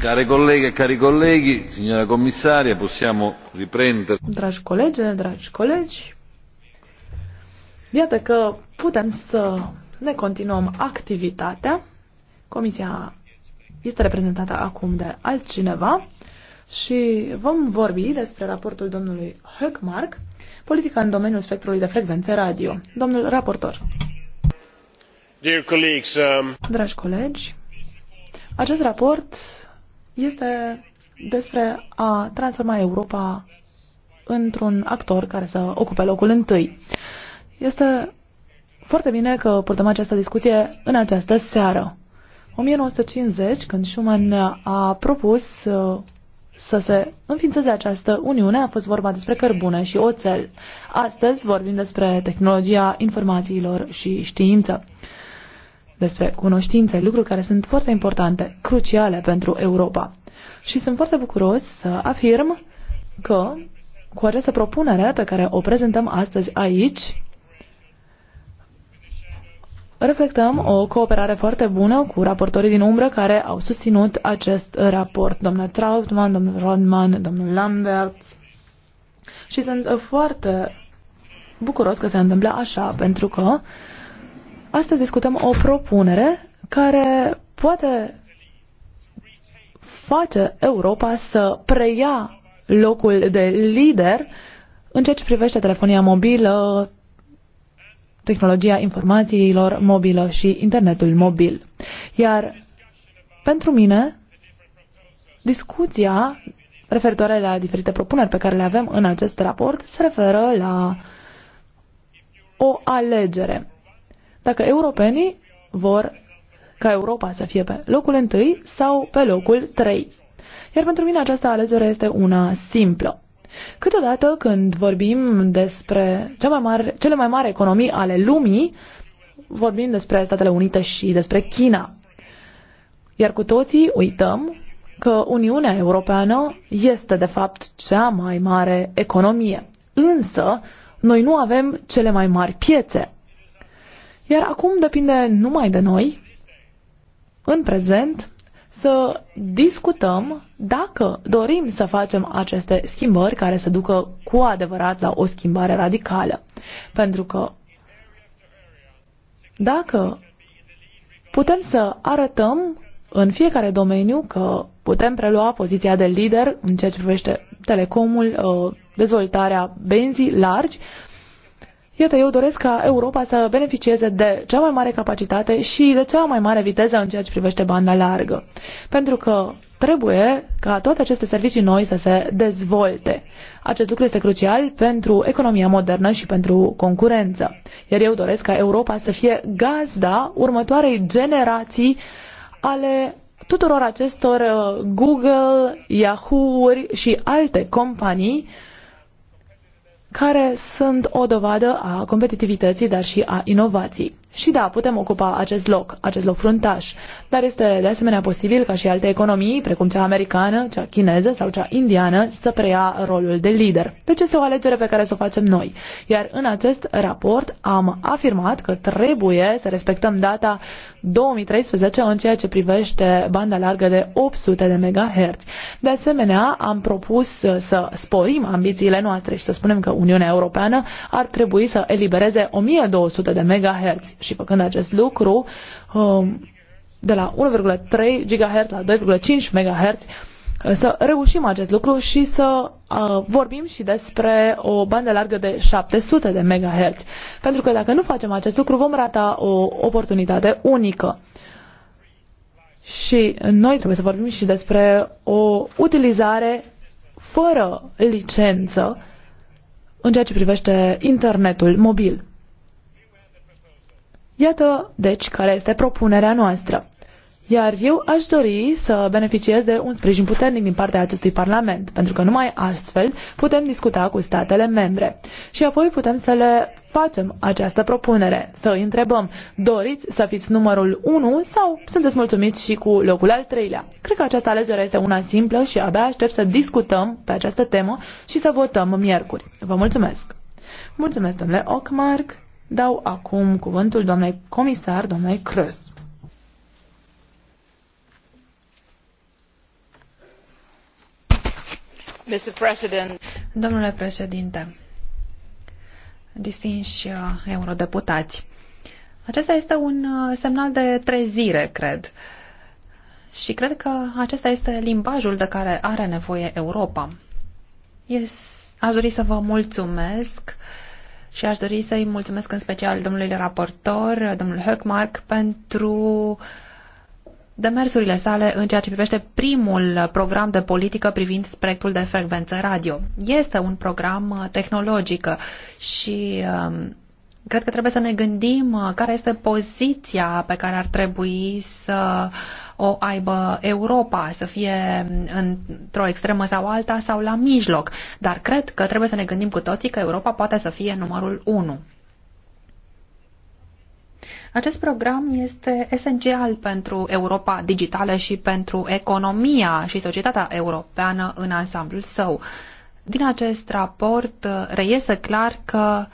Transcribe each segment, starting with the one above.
Care colleghe, cari colleghi, signora commissaria, possiamo riprendere. Dragi colegi, dragi colegi, iată că putem să ne continuăm activitatea. Comisia este reprezentată acum de altcineva și vom vorbi despre raportul domnului Höckmark, politica în domeniul spectrului de frecvențe radio. Domnul raportor. Dear colleagues, um... Dragi colegi, acest raport este despre a transforma Europa într-un actor care să ocupe locul întâi. Este foarte bine că purtăm această discuție în această seară. 1950, când Schumann a propus uh, să se înființeze această uniune, a fost vorba despre cărbune și oțel. Astăzi vorbim despre tehnologia informațiilor și știință despre cunoștințe, lucruri care sunt foarte importante, cruciale pentru Europa. Și sunt foarte bucuros să afirm că cu această propunere pe care o prezentăm astăzi aici, reflectăm o cooperare foarte bună cu raportorii din umbră care au susținut acest raport, domnul Trautmann, domnul Rodman, domnul Lambert. Și sunt foarte bucuros că se întâmplă așa, pentru că uh, Astăzi discutăm o propunere care poate face Europa să preia locul de lider în ceea ce privește telefonia mobilă, tehnologia informațiilor mobilă și internetul mobil. Iar pentru mine, discuția referitoare la diferite propuneri pe care le avem în acest raport se referă la o alegere dacă europenii vor ca Europa să fie pe locul întâi sau pe locul trei. Iar pentru mine această alegere este una simplă. Câteodată când vorbim despre cea mai mare, cele mai mari economii ale lumii, vorbim despre Statele Unite și despre China. Iar cu toții uităm că Uniunea Europeană este de fapt cea mai mare economie. Însă, noi nu avem cele mai mari piețe. Iar acum depinde numai de noi, în prezent, să discutăm dacă dorim să facem aceste schimbări care să ducă cu adevărat la o schimbare radicală. Pentru că dacă putem să arătăm în fiecare domeniu că putem prelua poziția de lider în ceea ce privește telecomul, uh, dezvoltarea benzii largi, Iată, eu doresc ca Europa să beneficieze de cea mai mare capacitate și de cea mai mare viteză în ceea ce privește banda largă. Pentru că trebuie ca toate aceste servicii noi să se dezvolte. Acest lucru este crucial pentru economia modernă și pentru concurență. Iar eu doresc ca Europa să fie gazda următoarei generații ale tuturor acestor uh, Google, Yahoo-uri și alte companii uh, care sunt o dovadă a competitivității, dar și a inovației. Și da, putem ocupa acest loc, acest loc fruntaș, dar este de asemenea posibil ca și alte economii, precum cea americană, cea chineză sau cea indiană, să preia rolul de lider. Deci este o alegere pe care să o facem noi. Iar în acest raport am afirmat că trebuie să respectăm data 2013 în ceea ce privește banda largă de 800 de MHz. De asemenea, am propus să sporim ambițiile noastre și să spunem că Uniunea Europeană ar trebui să elibereze 1200 de MHz și făcând acest lucru um, de la 1,3 GHz la 2,5 MHz uh, să reușim acest lucru și să uh, vorbim și despre o bandă largă de 700 de MHz. Pentru că dacă nu facem acest lucru, vom rata o oportunitate unică. Și noi trebuie să vorbim și despre o utilizare fără licență în ceea ce privește internetul mobil. Iată, deci, care este propunerea noastră. Iar eu aș dori să beneficiez de un sprijin puternic din partea acestui Parlament, pentru că numai astfel putem discuta cu statele membre. Și apoi putem să le facem această propunere, să îi întrebăm, doriți să fiți numărul 1 sau sunteți mulțumiți și cu locul al treilea? Cred că această alegere este una simplă și abia aștept să discutăm pe această temă și să votăm miercuri. Vă mulțumesc! Mulțumesc, domnule Ockmark! Dau acum cuvântul doamnei comisar, doamnei Crăs. Domnule președinte, distinși uh, eurodeputați, acesta este un uh, semnal de trezire, cred. Și cred că acesta este limbajul de care are nevoie Europa. Yes. Aș dori să vă mulțumesc uh, și aș dori să-i mulțumesc în special domnului raportor, domnul Höckmark, pentru demersurile sale în ceea ce privește primul program de politică privind spectrul de frecvență radio. Este un program uh, tehnologic uh, și um, cred că trebuie să ne gândim uh, care este poziția pe care ar trebui să o aibă Europa, să fie într-o extremă sau alta sau la mijloc. Dar cred că trebuie să ne gândim cu toții că Europa poate să fie numărul unu. Acest program este esențial pentru Europa digitală și pentru economia și societatea europeană în ansamblul său. Din acest raport uh, reiese clar că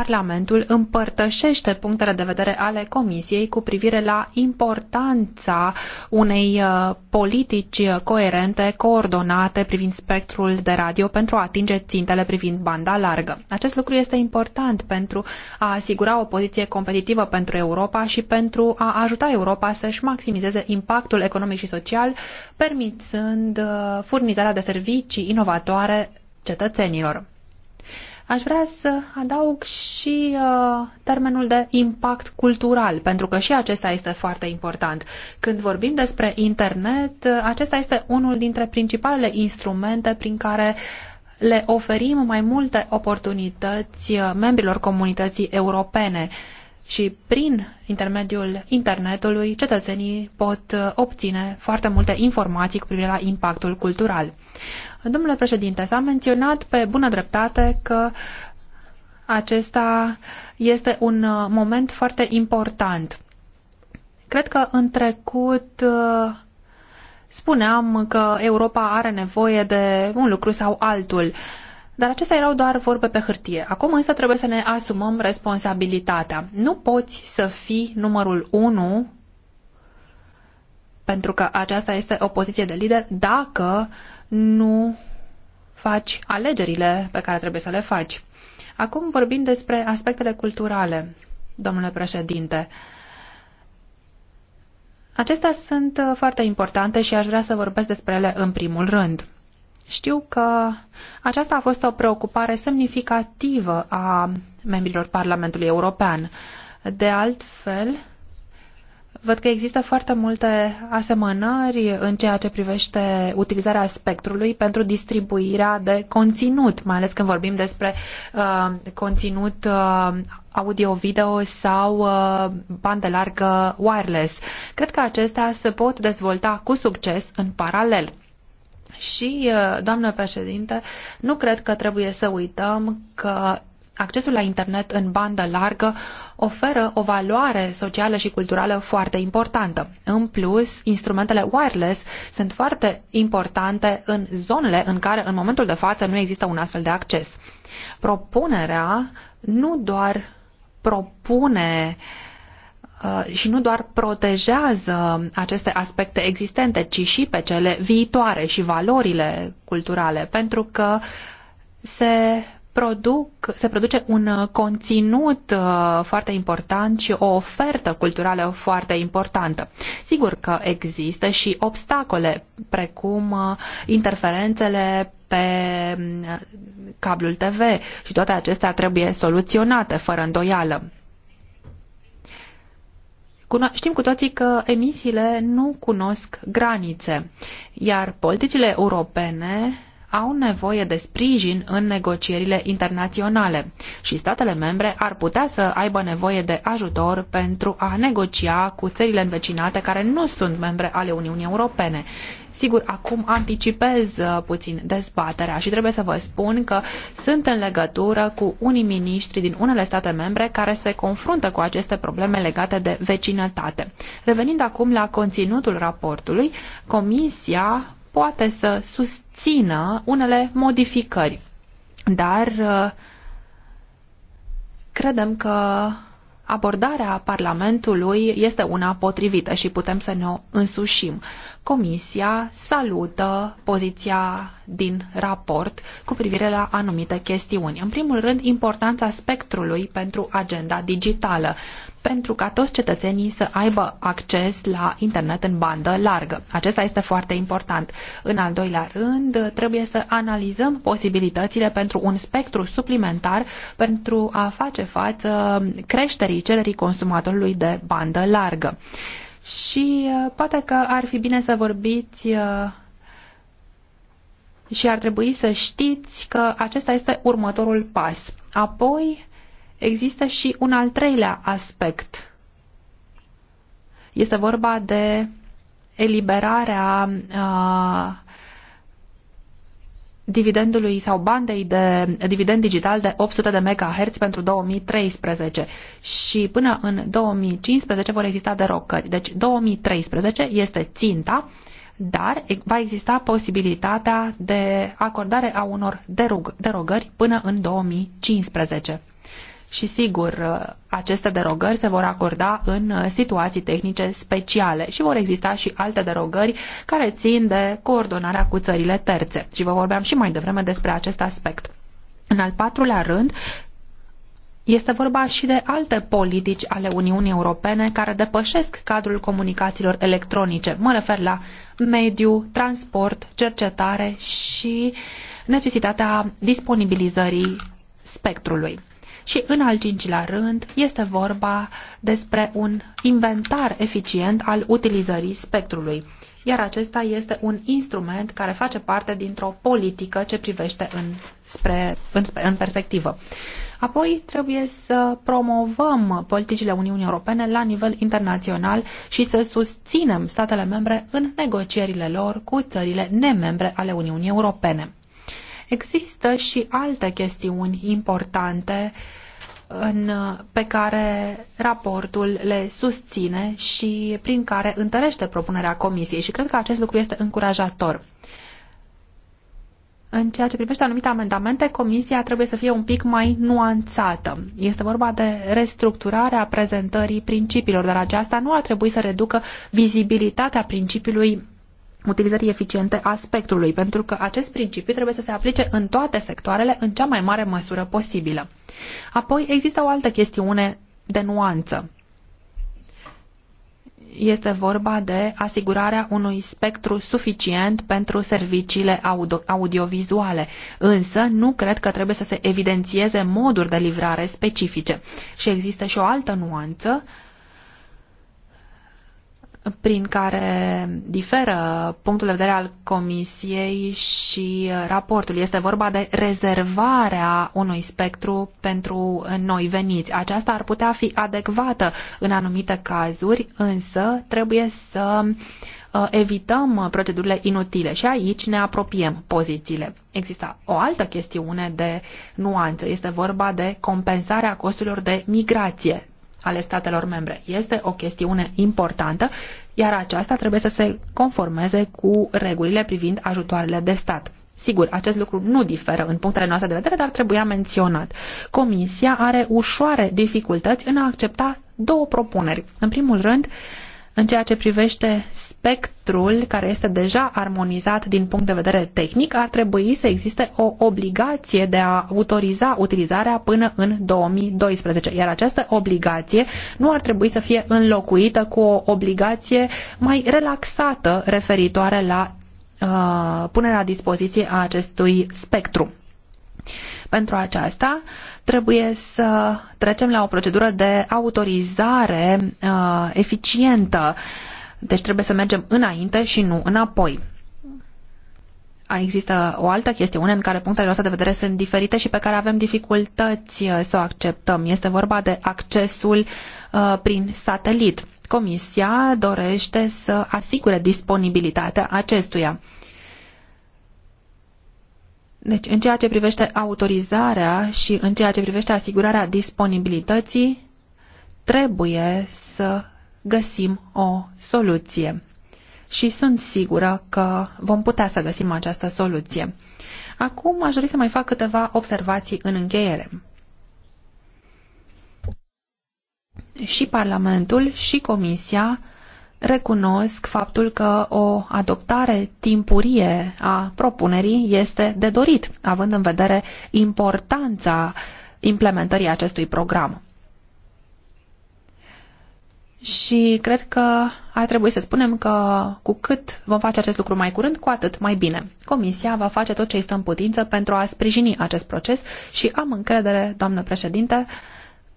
Parlamentul împărtășește punctele de vedere ale Comisiei cu privire la importanța unei uh, politici coerente, coordonate privind spectrul de radio pentru a atinge țintele privind banda largă. Acest lucru este important pentru a asigura o poziție competitivă pentru Europa și pentru a ajuta Europa să-și maximizeze impactul economic și social, permițând uh, furnizarea de servicii inovatoare cetățenilor. Aș vrea să adaug și uh, termenul de impact cultural, pentru că și acesta este foarte important. Când vorbim despre internet, uh, acesta este unul dintre principalele instrumente prin care le oferim mai multe oportunități uh, membrilor comunității europene și prin intermediul internetului cetățenii pot uh, obține foarte multe informații cu privire la impactul cultural. Domnule președinte, s-a menționat pe bună dreptate că acesta este un uh, moment foarte important. Cred că în trecut uh, spuneam că Europa are nevoie de un lucru sau altul dar acestea erau doar vorbe pe hârtie. Acum însă trebuie să ne asumăm responsabilitatea. Nu poți să fii numărul unu, pentru că aceasta este o poziție de lider, dacă nu faci alegerile pe care trebuie să le faci. Acum vorbim despre aspectele culturale, domnule președinte. Acestea sunt uh, foarte importante și aș vrea să vorbesc despre ele în primul rând. Știu că aceasta a fost o preocupare semnificativă a membrilor Parlamentului European. De altfel, văd că există foarte multe asemănări în ceea ce privește utilizarea spectrului pentru distribuirea de conținut, mai ales când vorbim despre uh, conținut uh, audio-video sau uh, bandă largă wireless. Cred că acestea se pot dezvolta cu succes în paralel. Și, uh, doamnă președinte, nu cred că trebuie să uităm că accesul la internet în bandă largă oferă o valoare socială și culturală foarte importantă. În plus, instrumentele wireless sunt foarte importante în zonele în care în momentul de față nu există un astfel de acces. Propunerea nu doar propune uh, Uh, și nu doar protejează aceste aspecte existente, ci și pe cele viitoare și valorile culturale, pentru că se produc, se produce un conținut uh, foarte important și o ofertă culturală foarte importantă. Sigur că există și obstacole, precum uh, interferențele pe cablul TV și toate acestea trebuie soluționate fără îndoială. Știm cu toții că emisiile nu cunosc granițe, iar politicile europene au nevoie de sprijin în negocierile internaționale și statele membre ar putea să aibă nevoie de ajutor pentru a negocia cu țările învecinate care nu sunt membre ale Uniunii Europene. Sigur, acum anticipez uh, puțin dezbaterea și trebuie să vă spun că sunt în legătură cu unii miniștri din unele state membre care se confruntă cu aceste probleme legate de vecinătate. Revenind acum la conținutul raportului, Comisia poate să susțină unele modificări. Dar uh, credem că abordarea Parlamentului este una potrivită și putem să ne o însușim. Comisia salută poziția din raport cu privire la anumite chestiuni. În primul rând, importanța spectrului pentru agenda digitală pentru ca toți cetățenii să aibă acces la internet în bandă largă. Acesta este foarte important. În al doilea rând, trebuie să analizăm posibilitățile pentru un spectru suplimentar pentru a face față creșterii cererii consumatorului de bandă largă. Și uh, poate că ar fi bine să vorbiți uh, și ar trebui să știți că acesta este următorul pas. Apoi, există și un al treilea aspect. Este vorba de eliberarea uh, dividendului sau bandei de dividend digital de 800 de MHz pentru 2013 și până în 2015 vor exista derocări. Deci 2013 este ținta, dar va exista posibilitatea de acordare a unor derog derogări până în 2015 și sigur uh, aceste derogări se vor acorda în uh, situații tehnice speciale și vor exista și alte derogări care țin de coordonarea cu țările terțe și vă vorbeam și mai devreme despre acest aspect. În al patrulea rând, este vorba și de alte politici ale Uniunii Europene care depășesc cadrul comunicațiilor electronice. Mă refer la mediu, transport, cercetare și necesitatea disponibilizării spectrului. Și în al cincilea rând este vorba despre un inventar eficient al utilizării spectrului, iar acesta este un instrument care face parte dintr-o politică ce privește în, spre, în, în perspectivă. Apoi trebuie să promovăm politicile Uniunii Europene la nivel internațional și să susținem statele membre în negocierile lor cu țările nemembre ale Uniunii Europene. Există și alte chestiuni importante în, pe care raportul le susține și prin care întărește propunerea Comisiei și cred că acest lucru este încurajator. În ceea ce privește anumite amendamente, Comisia trebuie să fie un pic mai nuanțată. Este vorba de restructurarea prezentării principiilor, dar aceasta nu ar trebui să reducă vizibilitatea principiului utilizării eficiente a spectrului, pentru că acest principiu trebuie să se aplice în toate sectoarele în cea mai mare măsură posibilă. Apoi există o altă chestiune de nuanță. Este vorba de asigurarea unui spectru suficient pentru serviciile audio audiovizuale, însă nu cred că trebuie să se evidențieze moduri de livrare specifice. Și există și o altă nuanță prin care diferă punctul de vedere al Comisiei și raportul. Este vorba de rezervarea unui spectru pentru noi veniți. Aceasta ar putea fi adecvată în anumite cazuri, însă trebuie să uh, evităm procedurile inutile și aici ne apropiem pozițiile. Există o altă chestiune de nuanță, este vorba de compensarea costurilor de migrație ale statelor membre. Este o chestiune importantă, iar aceasta trebuie să se conformeze cu regulile privind ajutoarele de stat. Sigur, acest lucru nu diferă în punctele noastre de vedere, dar trebuia menționat. Comisia are ușoare dificultăți în a accepta două propuneri. În primul rând, în ceea ce privește spectrul care este deja armonizat din punct de vedere tehnic, ar trebui să existe o obligație de a autoriza utilizarea până în 2012, iar această obligație nu ar trebui să fie înlocuită cu o obligație mai relaxată referitoare la uh, punerea dispoziției a acestui spectru. Pentru aceasta trebuie să trecem la o procedură de autorizare uh, eficientă. Deci trebuie să mergem înainte și nu înapoi. Există o altă chestiune în care punctele noastre de vedere sunt diferite și pe care avem dificultăți uh, să o acceptăm. Este vorba de accesul uh, prin satelit. Comisia dorește să asigure disponibilitatea acestuia. Deci, în ceea ce privește autorizarea și în ceea ce privește asigurarea disponibilității, trebuie să găsim o soluție. Și sunt sigură că vom putea să găsim această soluție. Acum aș dori să mai fac câteva observații în încheiere. Și Parlamentul și Comisia recunosc faptul că o adoptare timpurie a propunerii este de dorit, având în vedere importanța implementării acestui program. Și cred că ar trebui să spunem că cu cât vom face acest lucru mai curând, cu atât mai bine. Comisia va face tot ce este în putință pentru a sprijini acest proces și am încredere, doamnă președinte,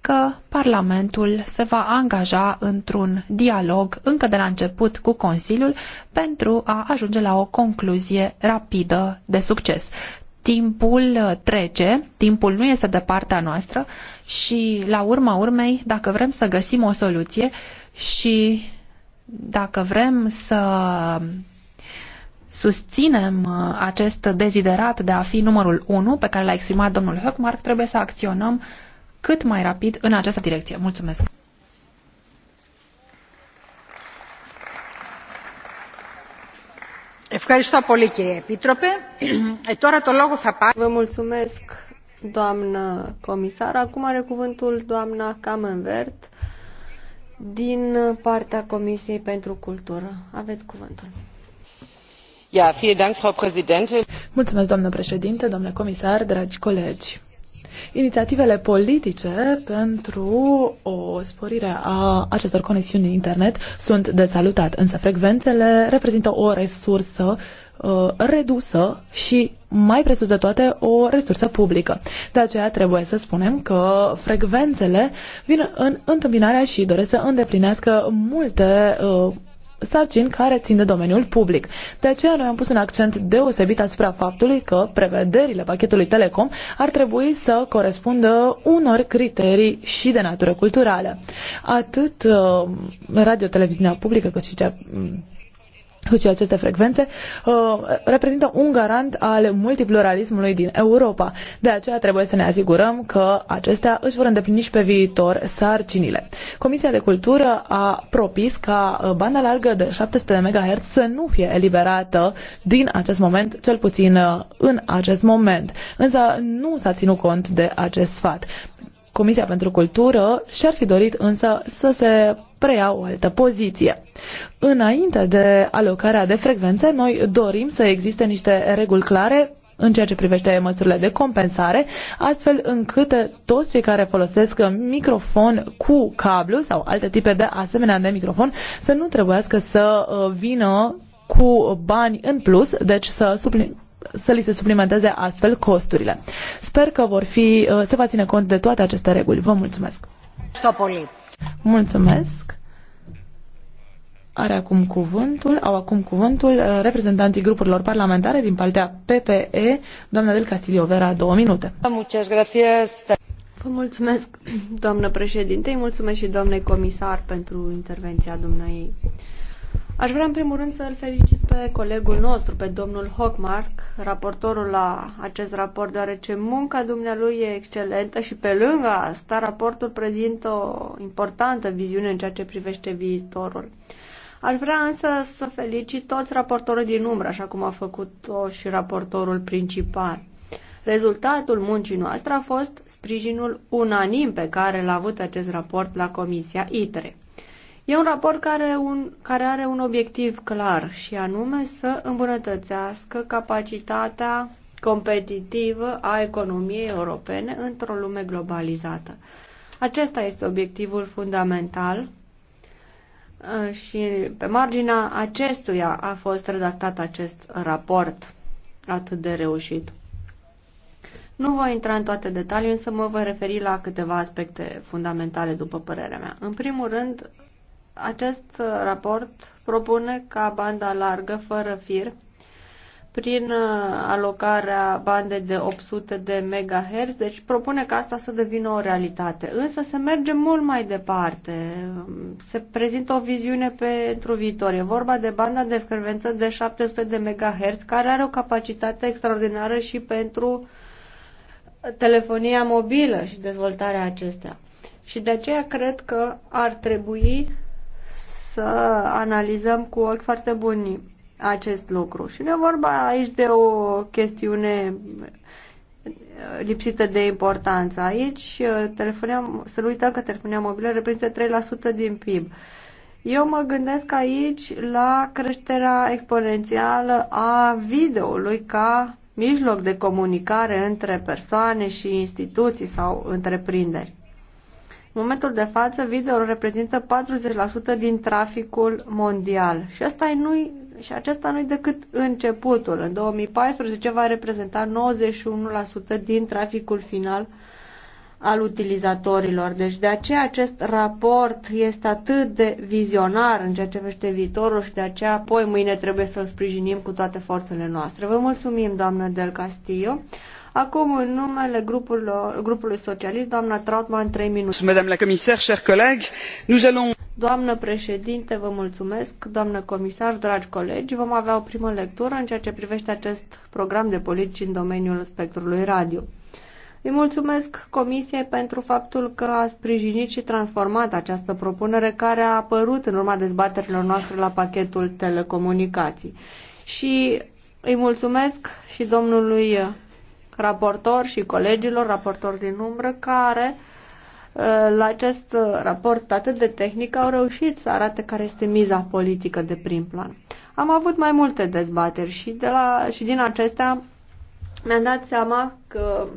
că Parlamentul se va angaja într-un dialog încă de la început cu Consiliul pentru a ajunge la o concluzie rapidă de succes. Timpul uh, trece, timpul nu este de partea noastră și la urma urmei, dacă vrem să găsim o soluție și dacă vrem să susținem uh, acest deziderat de a fi numărul 1 pe care l-a exprimat domnul Höckmark, trebuie să acționăm cât mai rapid în această direcție. Mulțumesc! Vă mulțumesc, doamnă comisar. Acum are cuvântul doamna Camenvert din partea Comisiei pentru Cultură. Aveți cuvântul. Mulțumesc, doamnă președinte, doamnă comisar, dragi colegi inițiativele politice pentru o sporire a acestor conexiuni internet sunt de salutat, însă frecvențele reprezintă o resursă uh, redusă și mai presus de toate o resursă publică. De aceea trebuie să spunem că frecvențele vin în întâmpinarea și doresc să îndeplinească multe uh, sarcini care țin de domeniul public. De aceea noi am pus un accent deosebit asupra faptului că prevederile pachetului Telecom ar trebui să corespundă unor criterii și de natură culturală. Atât uh, radio-televiziunea publică cât și cea mm, și aceste frecvențe uh, reprezintă un garant al multipluralismului din Europa. De aceea trebuie să ne asigurăm că acestea își vor îndeplini și pe viitor sarcinile. Comisia de Cultură a propis ca uh, banda largă de 700 de MHz să nu fie eliberată din acest moment, cel puțin uh, în acest moment. Însă nu s-a ținut cont de acest sfat Comisia pentru Cultură și-ar fi dorit însă să se preia o altă poziție. Înainte de alocarea de frecvențe, noi dorim să existe niște reguli clare în ceea ce privește măsurile de compensare, astfel încât toți cei care folosesc microfon cu cablu sau alte tipe de asemenea de microfon să nu trebuiască să uh, vină cu bani în plus, deci să suplimenteze să li se suplimenteze astfel costurile. Sper că vor fi, uh, se va ține cont de toate aceste reguli. Vă mulțumesc! Stopoli. Mulțumesc! Are acum cuvântul, au acum cuvântul uh, reprezentanții grupurilor parlamentare din partea PPE, doamna del Castillo Vera, două minute. Vă mulțumesc, doamnă președinte, mulțumesc și doamnei comisar pentru intervenția dumneai. Aș vrea în primul rând să îl felicit pe colegul nostru, pe domnul Hockmark, raportorul la acest raport, deoarece munca dumnealui e excelentă și pe lângă asta raportul prezintă o importantă viziune în ceea ce privește viitorul. Aș vrea însă să felicit toți raportorii din umbră, așa cum a făcut-o și raportorul principal. Rezultatul muncii noastre a fost sprijinul unanim pe care l-a avut acest raport la Comisia ITRE. E un raport care, un, care are un obiectiv clar și anume să îmbunătățească capacitatea competitivă a economiei europene într-o lume globalizată. Acesta este obiectivul fundamental uh, și pe marginea acestuia a fost redactat acest raport atât de reușit. Nu voi intra în toate detaliile, însă mă voi referi la câteva aspecte fundamentale, după părerea mea. În primul rând, acest uh, raport propune ca banda largă, fără fir, prin uh, alocarea bandei de 800 de MHz, deci propune ca asta să devină o realitate. Însă se merge mult mai departe, se prezintă o viziune pentru viitor. E vorba de banda de frecvență de 700 de MHz, care are o capacitate extraordinară și pentru telefonia mobilă și dezvoltarea acestea. Și de aceea cred că ar trebui să analizăm cu ochi foarte buni acest lucru. Și ne vorba aici de o chestiune lipsită de importanță. Aici uh, telefonia, să nu uităm că telefonia mobilă reprezintă 3% din PIB. Eu mă gândesc aici la creșterea exponențială a videoului ca mijloc de comunicare între persoane și instituții sau întreprinderi momentul de față, video reprezintă 40% din traficul mondial și, asta nu și acesta nu-i decât începutul. În 2014 va reprezenta 91% din traficul final al utilizatorilor. Deci de aceea acest raport este atât de vizionar în ceea ce vește viitorul și de aceea apoi mâine trebuie să-l sprijinim cu toate forțele noastre. Vă mulțumim, doamnă Del Castillo. Acum, în numele grupurilor, grupului socialist, doamna Trautmann, 3 minute. Madame la comisar, chers collègues, nous allons... Doamnă președinte, vă mulțumesc, doamnă comisar, dragi colegi, vom avea o primă lectură în ceea ce privește acest program de politici în domeniul spectrului radio. Îi mulțumesc Comisiei pentru faptul că a sprijinit și transformat această propunere care a apărut în urma dezbaterilor noastre la pachetul telecomunicații. Și îi mulțumesc și domnului raportor și colegilor, raportor din umbră, care uh, la acest uh, raport atât de tehnic au reușit să arate care este miza politică de prim plan. Am avut mai multe dezbateri și, de la, și din acestea mi-am dat seama că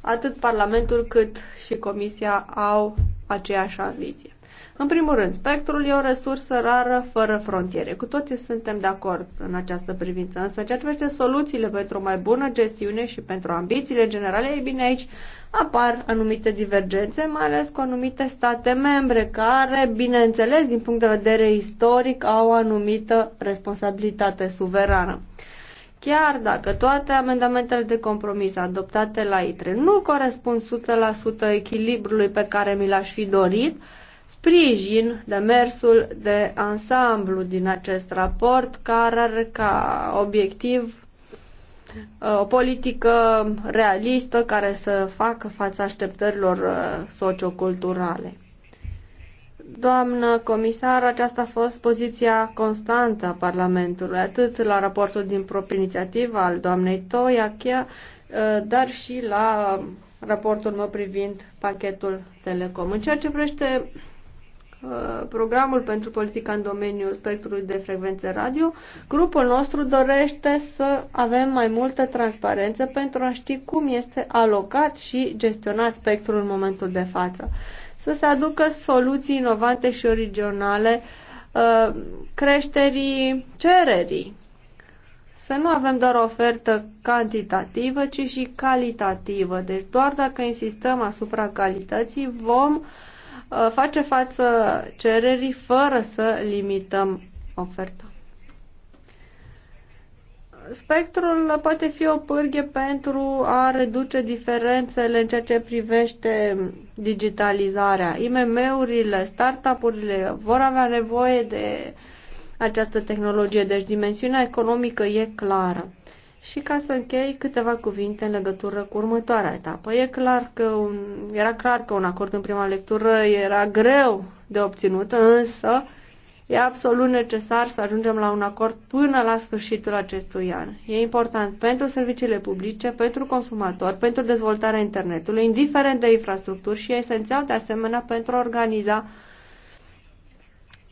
atât Parlamentul cât și Comisia au aceeași ambiție. În primul rând, spectrul e o resursă rară fără frontiere. Cu toții suntem de acord în această privință, însă ceea ce privește soluțiile pentru o mai bună gestiune și pentru ambițiile generale, ei bine aici apar anumite divergențe, mai ales cu anumite state membre care, bineînțeles, din punct de vedere istoric, au o anumită responsabilitate suverană chiar dacă toate amendamentele de compromis adoptate la ITRE nu corespund 100% echilibrului pe care mi l-aș fi dorit, sprijin demersul de ansamblu din acest raport, care are ca obiectiv uh, o politică realistă care să facă fața așteptărilor uh, socioculturale. Doamnă comisar, aceasta a fost poziția constantă a Parlamentului, atât la raportul din proprie inițiativă al doamnei Toiachia, uh, dar și la raportul meu privind pachetul Telecom. În ceea ce privește Uh, programul pentru politica în domeniul spectrului de frecvențe radio, grupul nostru dorește să avem mai multă transparență pentru a ști cum este alocat și gestionat spectrul în momentul de față. Să se aducă soluții inovante și originale uh, creșterii cererii. Să nu avem doar o ofertă cantitativă, ci și calitativă. Deci doar dacă insistăm asupra calității vom uh, Uh, face față cererii fără să limităm oferta. Spectrul poate fi o pârghie pentru a reduce diferențele în ceea ce privește digitalizarea. IMM-urile, startup-urile vor avea nevoie de această tehnologie, deci dimensiunea economică e clară. Și ca să închei câteva cuvinte în legătură cu următoarea etapă. E clar că un, era clar că un acord în prima lectură era greu de obținut, însă e absolut necesar să ajungem la un acord până la sfârșitul acestui an. E important pentru serviciile publice, pentru consumatori, pentru dezvoltarea internetului, indiferent de infrastructuri și e esențial de asemenea pentru a organiza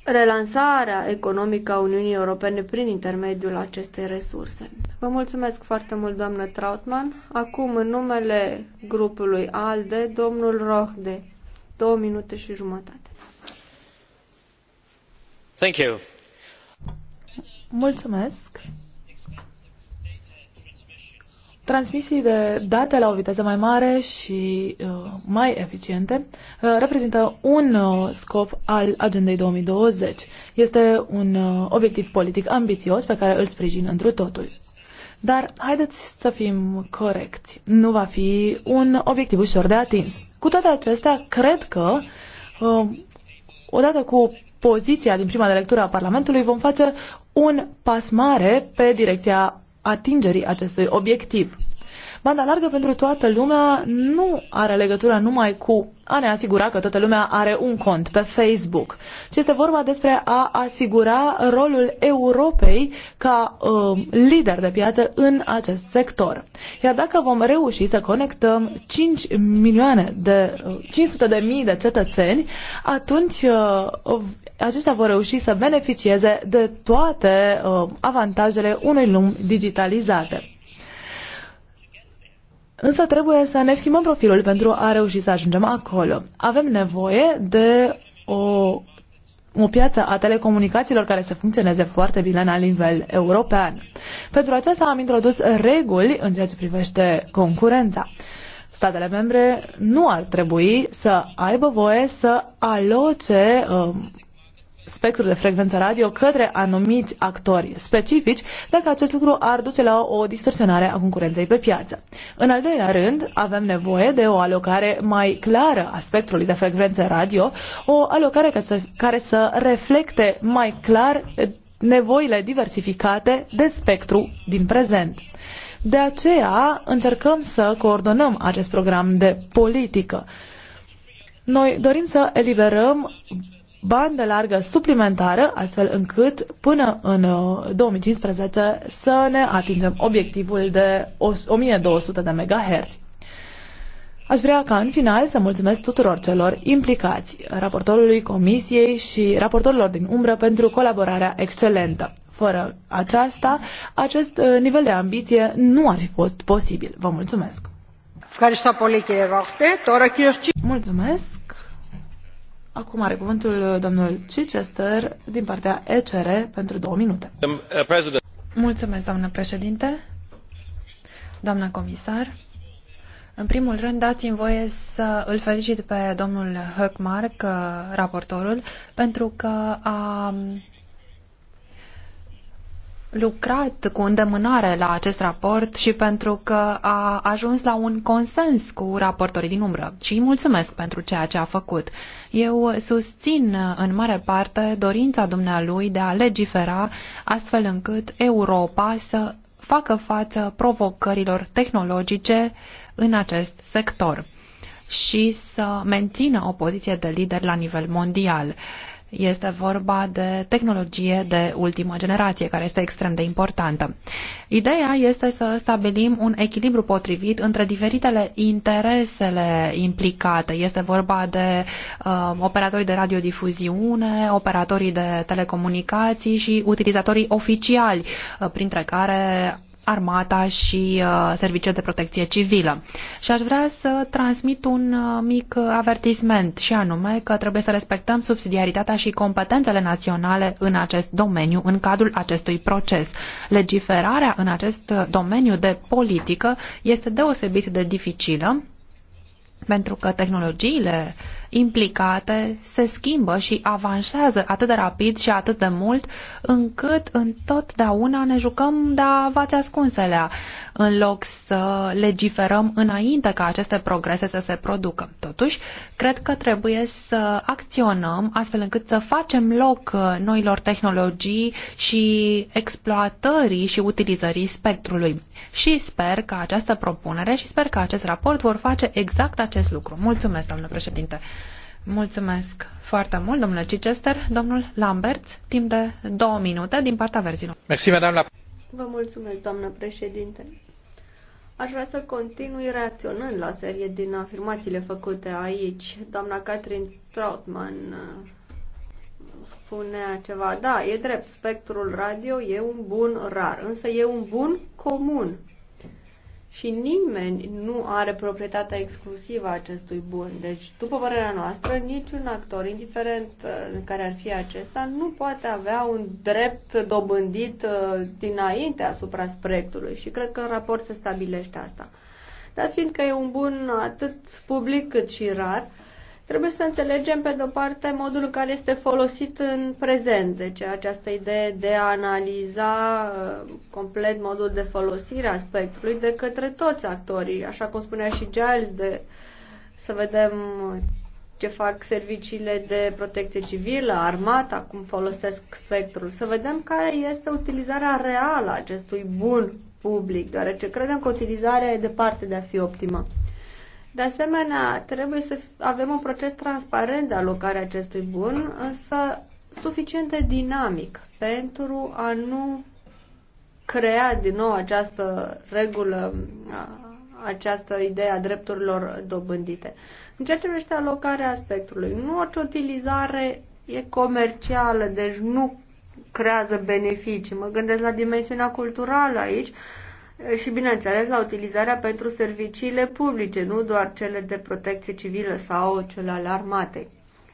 relansarea economică a Uniunii Europene prin intermediul acestei resurse. Vă mulțumesc foarte mult, doamnă Trautmann. Acum, în numele grupului ALDE, domnul Rohde. Două minute și jumătate. Thank you. Mulțumesc. Transmisii de date la o viteză mai mare și uh, mai eficiente uh, reprezintă un uh, scop al Agendei 2020. Este un uh, obiectiv politic ambițios pe care îl sprijin întru totul. Dar haideți să fim corecți. Nu va fi un obiectiv ușor de atins. Cu toate acestea, cred că uh, odată cu poziția din prima de lectură a Parlamentului vom face un pas mare pe direcția atingerii acestui obiectiv. Banda largă pentru toată lumea nu are legătură numai cu a ne asigura că toată lumea are un cont pe Facebook, ci este vorba despre a asigura rolul Europei ca uh, lider de piață în acest sector. Iar dacă vom reuși să conectăm 5 milioane de, uh, 500 de mii de cetățeni, atunci uh, acestea vor reuși să beneficieze de toate uh, avantajele unei lumi digitalizate. Însă trebuie să ne schimbăm profilul pentru a reuși să ajungem acolo. Avem nevoie de o o piață a telecomunicațiilor care să funcționeze foarte bine la nivel european. Pentru aceasta am introdus reguli în ceea ce privește concurența. Statele membre nu ar trebui să aibă voie să aloce Uh, spectrul de frecvență radio către anumiți actori specifici, dacă acest lucru ar duce la o distorsionare a concurenței pe piață. În al doilea rând, avem nevoie de o alocare mai clară a spectrului de frecvență radio, o alocare să, care să reflecte mai clar nevoile diversificate de spectru din prezent. De aceea încercăm să coordonăm acest program de politică. Noi dorim să eliberăm bandă largă suplimentară, astfel încât până în 2015 uh, să ne atingem obiectivul de 1200 de MHz. Aș vrea ca în final să mulțumesc tuturor celor implicați, raportorului comisiei și raportorilor din umbră pentru colaborarea excelentă. Fără aceasta, acest uh, nivel de ambiție nu ar fi fost posibil. Vă mulțumesc! Mulțumesc! Acum are cuvântul uh, domnul Chichester din partea ECR pentru două minute. Uh, Mulțumesc, doamnă președinte, doamnă comisar. În primul rând, dați-mi voie să îl felicit pe domnul Höckmark, uh, raportorul, pentru că a lucrat cu îndemânare la acest raport și pentru că a ajuns la un consens cu raportorii din umbră și îi mulțumesc pentru ceea ce a făcut. Eu susțin în mare parte dorința dumnealui de a legifera astfel încât Europa să facă față provocărilor tehnologice în acest sector și să mențină o poziție de lider la nivel mondial. Uh, este vorba de tehnologie de ultimă generație, care este extrem de importantă. Ideea este să stabilim un echilibru potrivit între diferitele interesele implicate. Este vorba de uh, operatorii de radiodifuziune, operatorii de telecomunicații și utilizatorii oficiali, uh, printre care armata și uh, serviciile de protecție civilă. Și aș vrea să transmit un uh, mic avertisment și anume că trebuie să respectăm subsidiaritatea și competențele naționale în acest domeniu, în cadrul acestui proces. Legiferarea în acest domeniu de politică este deosebit de dificilă pentru că tehnologiile uh, implicate se schimbă și avansează atât de rapid și atât de mult, încât întotdeauna ne jucăm de avați ascunselea, în loc să legiferăm înainte ca aceste progrese să se producă. Totuși, cred că trebuie să acționăm astfel încât să facem loc uh, noilor tehnologii și exploatării și utilizării spectrului și sper că această propunere și sper că acest raport vor face exact acest lucru. Mulțumesc, domnule președinte. Mulțumesc foarte mult, domnule Cicester, Domnul Lambert, timp de două minute din partea verzilor. Mersi, madame. Vă mulțumesc, doamnă președinte. Aș vrea să continui reacționând la serie din afirmațiile făcute aici. Doamna Catherine Trautmann spunea ceva. Da, e drept, spectrul radio e un bun rar, însă e un bun comun. Și nimeni nu are proprietatea exclusivă a acestui bun. Deci, după părerea noastră, niciun actor, indiferent uh, care ar fi acesta, nu poate avea un drept dobândit uh, dinainte asupra spectrului. Și cred că în raport se stabilește asta. Dar fiindcă e un bun atât public cât și rar, Trebuie să înțelegem, pe de-o parte, modul în care este folosit în prezent, deci această idee de a analiza uh, complet modul de folosire a spectrului de către toți actorii, așa cum spunea și Giles, de să vedem ce fac serviciile de protecție civilă, armata, cum folosesc spectrul, să vedem care este utilizarea reală a acestui bun public, deoarece credem că utilizarea e departe de a fi optimă. De asemenea, trebuie să avem un proces transparent de alocare acestui bun, însă suficient de dinamic pentru a nu crea din nou această regulă, această idee a drepturilor dobândite. În ceea ce privește alocarea spectrului, nu orice utilizare e comercială, deci nu creează beneficii. Mă gândesc la dimensiunea culturală aici, și, bineînțeles, la utilizarea pentru serviciile publice, nu doar cele de protecție civilă sau cele ale armatei.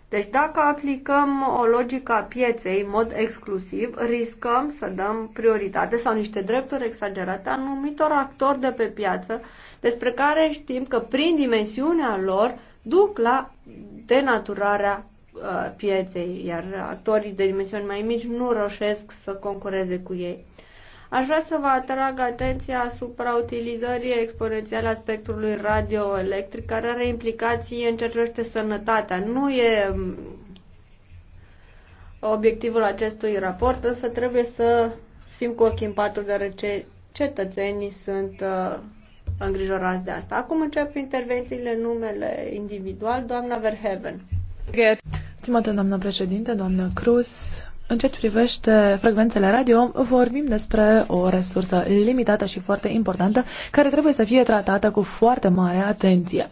Deci dacă aplicăm o logică a pieței în mod exclusiv, riscăm să dăm prioritate sau niște drepturi exagerate anumitor actori de pe piață despre care știm că prin dimensiunea lor duc la denaturarea uh, pieței, iar actorii de dimensiuni mai mici nu roșesc să concureze cu ei. Aș vrea să vă atrag atenția asupra utilizării exponențiale a spectrului radioelectric, care are implicații în ce sănătatea. Nu e mm, obiectivul acestui raport, însă trebuie să fim cu ochii în patru, deoarece cetățenii sunt uh, îngrijorați de asta. Acum încep intervențiile în numele individual, doamna Verheven. Stimată doamna președinte, doamna Cruz, în ceea ce privește frecvențele radio, vorbim despre o resursă limitată și foarte importantă, care trebuie să fie tratată cu foarte mare atenție.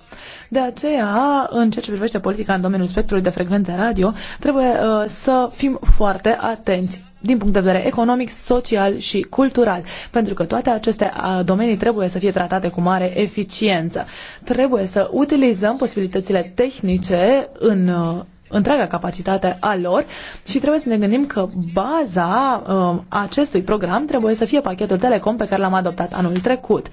De aceea, în ceea ce privește politica în domeniul spectrului de frecvențe radio, trebuie uh, să fim foarte atenți din punct de vedere economic, social și cultural, pentru că toate aceste uh, domenii trebuie să fie tratate cu mare eficiență. Trebuie să utilizăm posibilitățile tehnice în uh, întreaga capacitate a lor și trebuie să ne gândim că baza um, acestui program trebuie să fie pachetul Telecom pe care l-am adoptat anul trecut.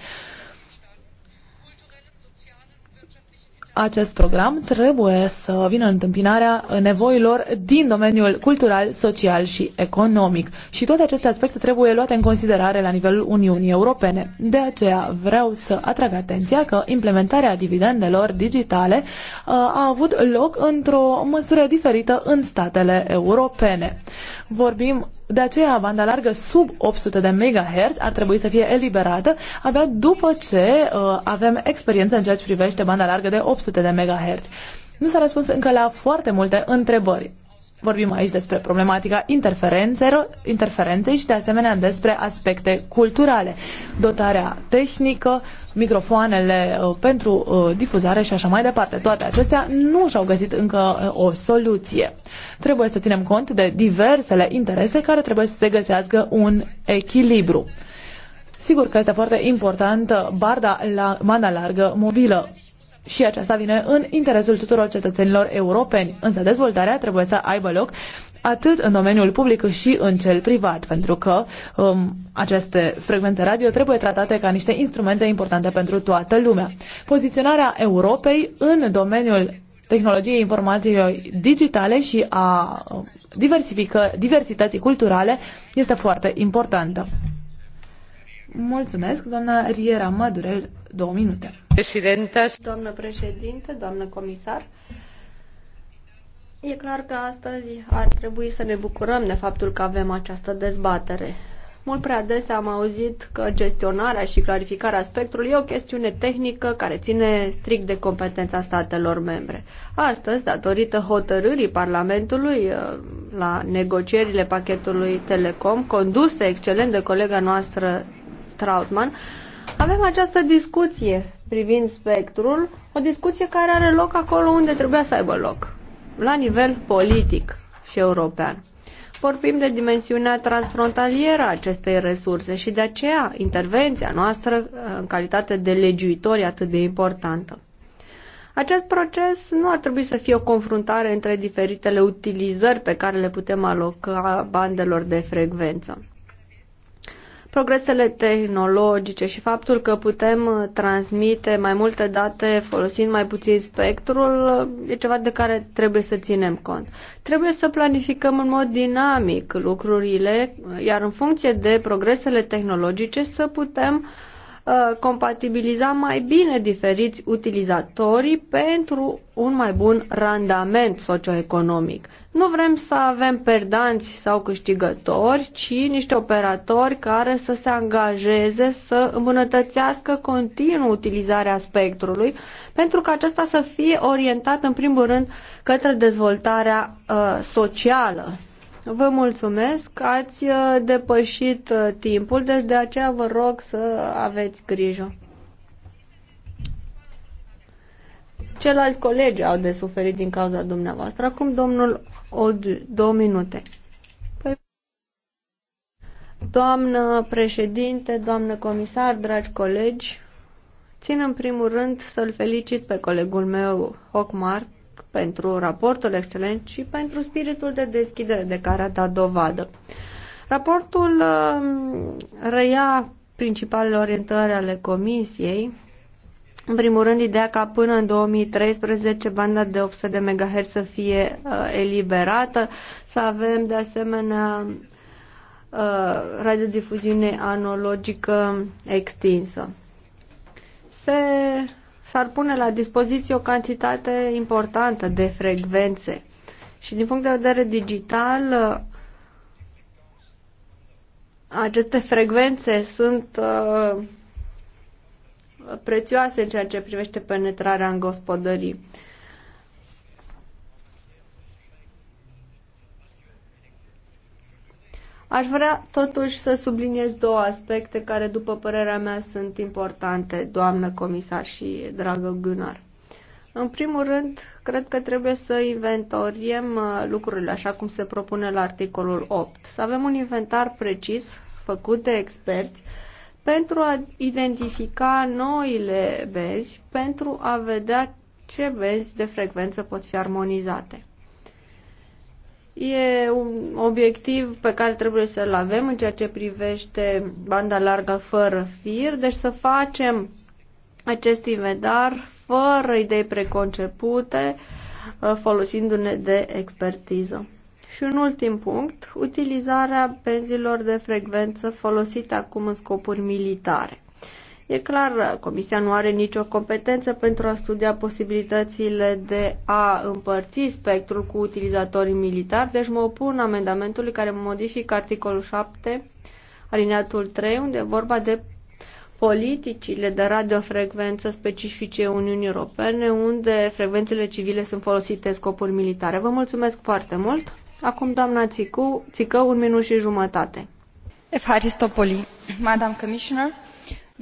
acest program trebuie să vină în întâmpinarea nevoilor din domeniul cultural, social și economic. Și toate aceste aspecte trebuie luate în considerare la nivelul Uniunii Europene. De aceea vreau să atrag atenția că implementarea dividendelor digitale uh, a avut loc într-o măsură diferită în statele europene. Vorbim de aceea banda largă sub 800 de MHz ar trebui să fie eliberată abia după ce uh, avem experiență în ceea ce privește banda largă de 800 de MHz. Nu s-a răspuns încă la foarte multe întrebări. Vorbim aici despre problematica interferenței și de asemenea despre aspecte culturale, dotarea tehnică, microfoanele uh, pentru uh, difuzare și așa mai departe. Toate acestea nu și-au găsit încă uh, o soluție. Trebuie să ținem cont de diversele interese care trebuie să se găsească un echilibru. Sigur că este foarte importantă barda la, banda largă mobilă și aceasta vine în interesul tuturor cetățenilor europeni, însă dezvoltarea trebuie să aibă loc atât în domeniul public cât și în cel privat, pentru că um, aceste frecvențe radio trebuie tratate ca niște instrumente importante pentru toată lumea. Poziționarea Europei în domeniul tehnologiei informației digitale și a um, diversității culturale este foarte importantă. Mulțumesc, doamna Riera Madurel, două minute președinte, comisar, e clar că astăzi ar trebui să ne bucurăm de faptul că avem această dezbatere. Mult prea des am auzit că gestionarea și clarificarea spectrului e o chestiune tehnică care ține strict de competența statelor membre. Astăzi, datorită hotărârii Parlamentului eh, la negocierile pachetului Telecom, conduse excelent de colega noastră Trautmann, avem această discuție privind spectrul, o discuție care are loc acolo unde trebuia să aibă loc, la nivel politic și european. Vorbim de dimensiunea transfrontalieră a acestei resurse și de aceea intervenția noastră uh, în calitate de legiuitori atât de importantă. Acest proces nu ar trebui să fie o confruntare între diferitele utilizări pe care le putem aloca bandelor de frecvență progresele tehnologice și faptul că putem uh, transmite mai multe date folosind mai puțin spectrul uh, e ceva de care trebuie să ținem cont. Trebuie să planificăm în mod dinamic lucrurile, uh, iar în funcție de progresele tehnologice să putem uh, Uh, compatibiliza mai bine diferiți utilizatorii pentru un mai bun randament socioeconomic. Nu vrem să avem perdanți sau câștigători, ci niște operatori care să se angajeze să îmbunătățească continuu utilizarea spectrului, pentru că acesta să fie orientat în primul rând către dezvoltarea uh, socială Vă mulțumesc, ați uh, depășit uh, timpul, deci de aceea vă rog să aveți grijă. Ceilalți colegi au de suferit din cauza dumneavoastră. Acum, domnul o două minute. Păi... Doamnă președinte, doamnă comisar, dragi colegi, țin în primul rând să-l felicit pe colegul meu, Hockmart, pentru raportul excelent și pentru spiritul de deschidere de care a dat dovadă. Raportul um, reia principalele orientări ale Comisiei, în primul rând, ideea ca până în 2013 banda de 800 de MHz să fie uh, eliberată, să avem de asemenea uh, radiodifuziune analogică extinsă. Se s-ar pune la dispoziție o cantitate importantă de frecvențe. Și din punct de vedere digital, aceste frecvențe sunt uh, prețioase în ceea ce privește penetrarea în gospodării. Aș vrea totuși să subliniez două aspecte care, după părerea mea, sunt importante, doamnă comisar și dragă Gunnar. În primul rând, cred că trebuie să inventoriem uh, lucrurile așa cum se propune la articolul 8. Să avem un inventar precis făcut de experți pentru a identifica noile benzi, pentru a vedea ce benzi de frecvență pot fi armonizate. E un obiectiv pe care trebuie să-l avem în ceea ce privește banda largă fără fir, deci să facem acest inventar fără idei preconcepute, uh, folosindu-ne de expertiză. Și un ultim punct, utilizarea benzilor de frecvență folosite acum în scopuri militare. E clar, Comisia nu are nicio competență pentru a studia posibilitățile de a împărți spectrul cu utilizatorii militari, deci mă opun amendamentului care modifică articolul 7, alineatul 3, unde e vorba de politicile de radiofrecvență specifice Uniunii Europene, unde frecvențele civile sunt folosite în scopuri militare. Vă mulțumesc foarte mult! Acum, doamna Țicu, Țică, un minut și jumătate. Madam Commissioner,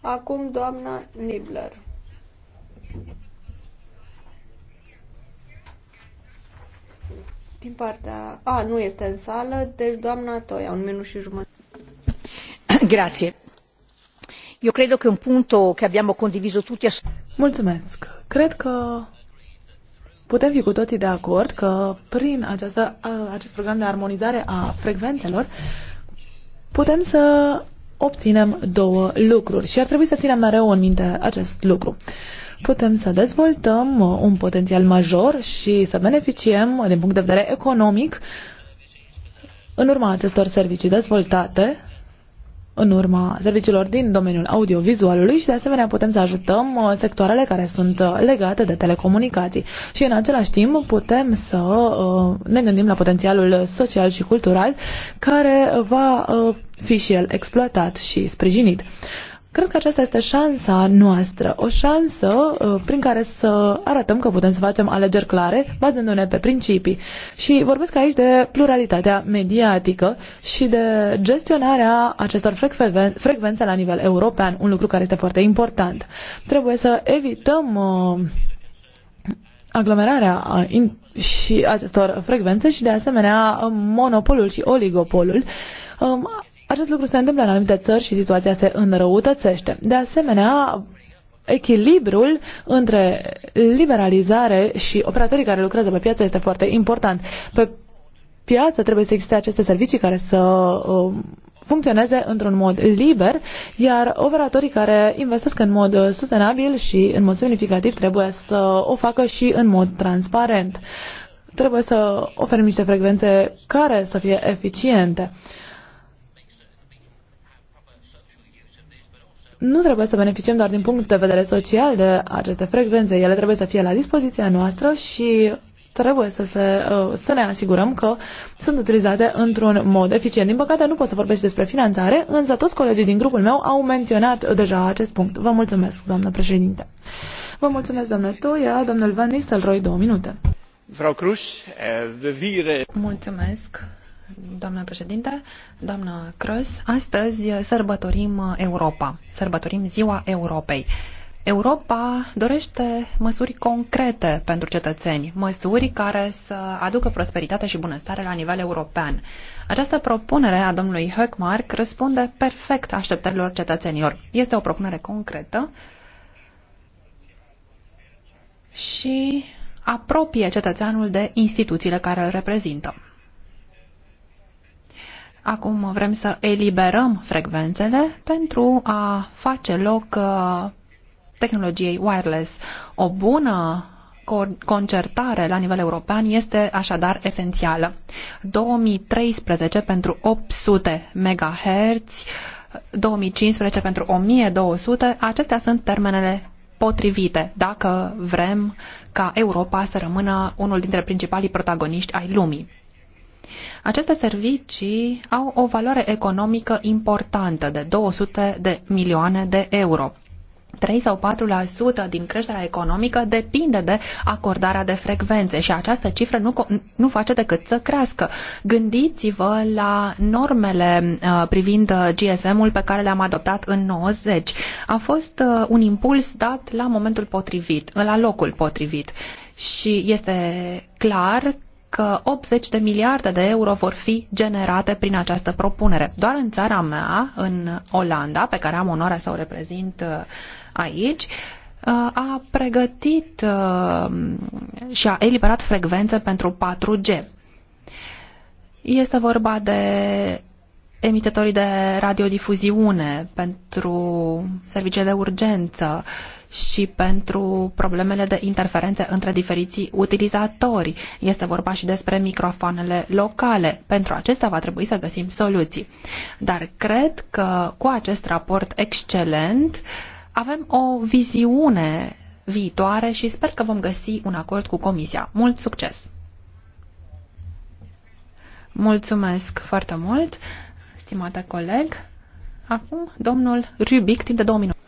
Acum doamna Nibler. Din partea... A, nu este în sală, deci doamna Toia, un minut și jumătate. Grazie. Eu cred că un punto che abbiamo condiviso tutti... Mulțumesc. Cred că putem fi cu toții de acord că prin această, acest program de armonizare a frecvențelor putem să obținem două lucruri și ar trebui să ținem mereu în minte acest lucru. Putem să dezvoltăm uh, un potențial major și să beneficiem uh, din punct de vedere economic în urma acestor servicii dezvoltate în urma serviciilor din domeniul audiovizualului și de asemenea putem să ajutăm uh, sectoarele care sunt uh, legate de telecomunicații. Și în același timp putem să uh, ne gândim la potențialul social și cultural care va fi și el exploatat și sprijinit. Cred că aceasta este șansa noastră, o șansă uh, prin care să arătăm că putem să facem alegeri clare, bazându-ne pe principii. Și vorbesc aici de pluralitatea mediatică și de gestionarea acestor frecven frecvențe la nivel european, un lucru care este foarte important. Trebuie să evităm uh, aglomerarea uh, și acestor frecvențe și de asemenea monopolul și oligopolul. Um, acest lucru se întâmplă în anumite țări și situația se înrăutățește. De asemenea, echilibrul între liberalizare și operatorii care lucrează pe piață este foarte important. Pe piață trebuie să existe aceste servicii care să uh, funcționeze într-un mod liber, iar operatorii care investesc în mod uh, sustenabil și în mod semnificativ trebuie să o facă și în mod transparent. Trebuie să oferim niște frecvențe care să fie eficiente. nu trebuie să beneficiem doar din punct de vedere social de aceste frecvențe, ele trebuie să fie la dispoziția noastră și trebuie să, se, uh, să ne asigurăm că sunt utilizate într-un mod eficient. Din păcate nu pot să vorbesc despre finanțare, însă toți colegii din grupul meu au menționat deja acest punct. Vă mulțumesc, doamnă președinte. Vă mulțumesc, doamnă Toia, domnul Van Nistelrooy, două minute. Frau Cruz, eh, vire... Mulțumesc doamnă președinte, doamnă Crăs. Astăzi sărbătorim Europa, sărbătorim Ziua Europei. Europa dorește măsuri concrete pentru cetățeni, măsuri care să aducă prosperitate și bunăstare la nivel european. Această propunere a domnului Höckmark răspunde perfect așteptărilor cetățenilor. Este o propunere concretă și apropie cetățeanul de instituțiile care îl reprezintă. Acum vrem să eliberăm frecvențele pentru a face loc uh, tehnologiei wireless. O bună concertare la nivel european este așadar esențială. 2013 pentru 800 MHz, 2015 pentru 1200, acestea sunt termenele potrivite dacă vrem ca Europa să rămână unul dintre principalii protagoniști ai lumii. Aceste servicii au o valoare economică importantă de 200 de milioane de euro. 3 sau 4% din creșterea economică depinde de acordarea de frecvențe și această cifră nu, nu face decât să crească. Gândiți-vă la normele uh, privind uh, GSM-ul pe care le-am adoptat în 90. A fost uh, un impuls dat la momentul potrivit, la locul potrivit. Și este clar că 80 de miliarde de euro vor fi generate prin această propunere. Doar în țara mea, în Olanda, pe care am onoarea să o reprezint uh, aici, uh, a pregătit uh, și a eliberat frecvențe pentru 4G. Este vorba de emitătorii de radiodifuziune pentru servicii de urgență, și pentru problemele de interferențe între diferiții utilizatori. Este vorba și despre microfoanele locale. Pentru acestea va trebui să găsim soluții. Dar cred că cu acest raport excelent avem o viziune viitoare și sper că vom găsi un acord cu Comisia. Mult succes! Mulțumesc foarte mult, stimată coleg. Acum, domnul Rubic, timp de două minute.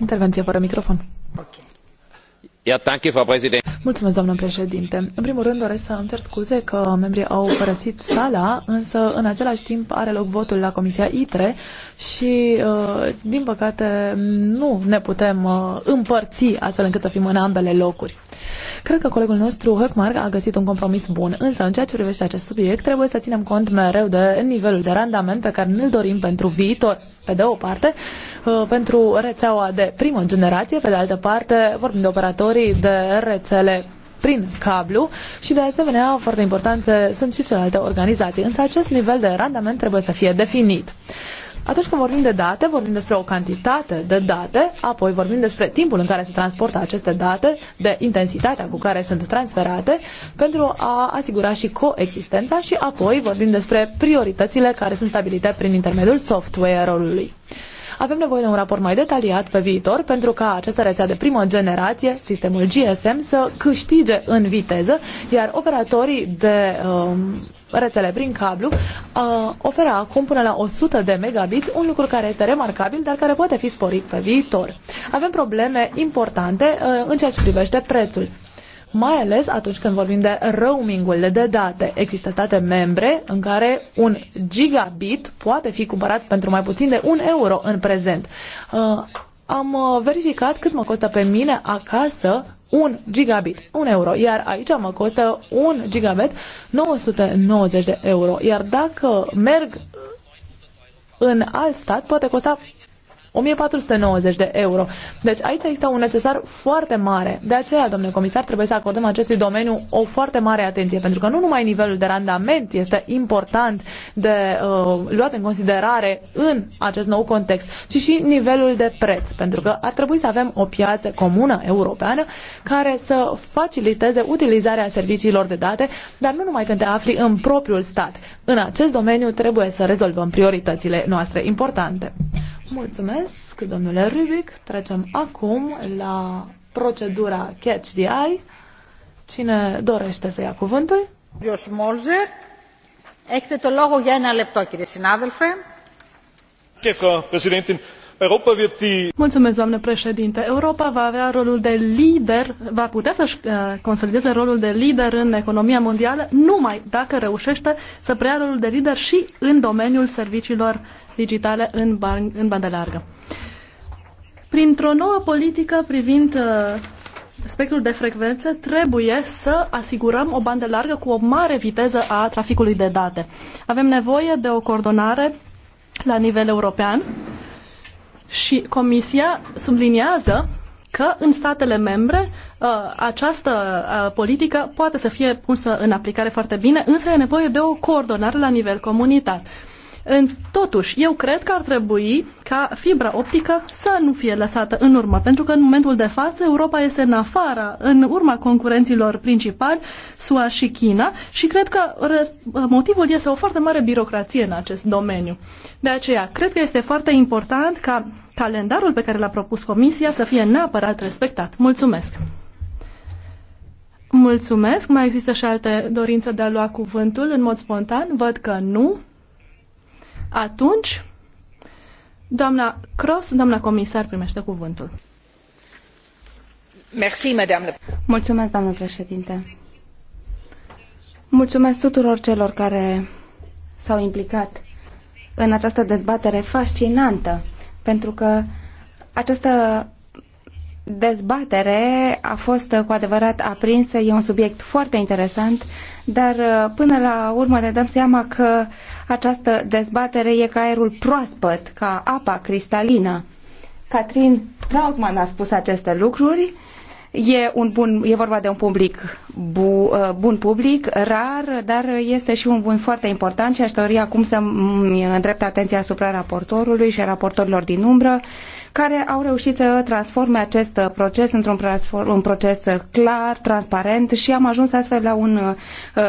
Intervenție liebe microfon. und kollegen! Mulțumesc, doamnă președinte. În primul rând doresc să îmi cer scuze că membrii au părăsit sala, însă în același timp are loc votul la Comisia ITRE și, uh, din păcate, nu ne putem uh, împărți astfel încât să fim în ambele locuri. Cred că colegul nostru, Höckmark, a găsit un compromis bun, însă în ceea ce privește acest subiect trebuie să ținem cont mereu de nivelul de randament pe care ne-l dorim pentru viitor, pe de o parte, uh, pentru rețeaua de primă generație, pe de altă parte vorbim de operatorii de rețele prin cablu și de asemenea foarte importante sunt și celelalte organizații. Însă acest nivel de randament trebuie să fie definit. Atunci când vorbim de date, vorbim despre o cantitate de date, apoi vorbim despre timpul în care se transportă aceste date, de intensitatea cu care sunt transferate, pentru a asigura și coexistența și apoi vorbim despre prioritățile care sunt stabilite prin intermediul software-ului. Avem nevoie de un raport mai detaliat pe viitor pentru ca această rețea de primă generație, sistemul GSM, să câștige în viteză, iar operatorii de um, rețele prin cablu uh, oferă acum până la 100 de megabits, un lucru care este remarcabil, dar care poate fi sporit pe viitor. Avem probleme importante uh, în ceea ce privește prețul mai ales atunci când vorbim de roamingul de date. Există state membre în care un gigabit poate fi cumpărat pentru mai puțin de un euro în prezent. Uh, am uh, verificat cât mă costă pe mine acasă un gigabit, un euro, iar aici mă costă un gigabit 990 de euro, iar dacă merg în alt stat poate costa 1490 de euro. Deci aici există un necesar foarte mare. De aceea, domnule comisar, trebuie să acordăm acestui domeniu o foarte mare atenție, pentru că nu numai nivelul de randament este important de uh, luat în considerare în acest nou context, ci și nivelul de preț, pentru că ar trebui să avem o piață comună europeană care să faciliteze utilizarea serviciilor de date, dar nu numai când te afli în propriul stat. În acest domeniu trebuie să rezolvăm prioritățile noastre importante. Mulțumesc, domnule Rubic. Trecem acum la procedura Catch the Eye. Cine dorește să ia cuvântul? Ποιος Μόλζερ. Έχετε το λόγο για ένα λεπτό, κύριε συνάδελφε. Frau Präsidentin, Mulțumesc, doamnă președinte. Europa va avea rolul de lider, va putea să-și uh, consolideze rolul de lider în economia mondială numai dacă reușește să preia rolul de lider și în domeniul serviciilor digitale în, ban, în bandă largă. Printr-o nouă politică privind uh, spectrul de frecvențe, trebuie să asigurăm o bandă largă cu o mare viteză a traficului de date. Avem nevoie de o coordonare la nivel european și Comisia subliniază că în statele membre uh, această uh, politică poate să fie pusă în aplicare foarte bine, însă e nevoie de o coordonare la nivel comunitar. În, totuși, eu cred că ar trebui ca fibra optică să nu fie lăsată în urmă, pentru că în momentul de față Europa este în afara, în urma concurenților principali, SUA și China, și cred că motivul este o foarte mare birocrație în acest domeniu. De aceea, cred că este foarte important ca calendarul pe care l-a propus Comisia să fie neapărat respectat. Mulțumesc! Mulțumesc. Mai există și alte dorințe de a lua cuvântul în mod spontan? Văd că nu. Atunci, doamna Cross, doamna comisar, primește cuvântul. Merci, madame. Mulțumesc, doamnă președinte. Mulțumesc tuturor celor care s-au implicat în această dezbatere fascinantă, pentru că această dezbatere a fost cu adevărat aprinsă, e un subiect foarte interesant, dar uh, până la urmă ne dăm seama că această dezbatere e ca aerul proaspăt, ca apa cristalină. Catrin Trautman a spus aceste lucruri. E, un bun, e vorba de un public bu, uh, bun public, rar, dar este și un bun foarte important și aș dori acum să îndrept atenția asupra raportorului și a raportorilor din umbră care au reușit să transforme acest proces într-un un proces clar, transparent și am ajuns astfel la un uh,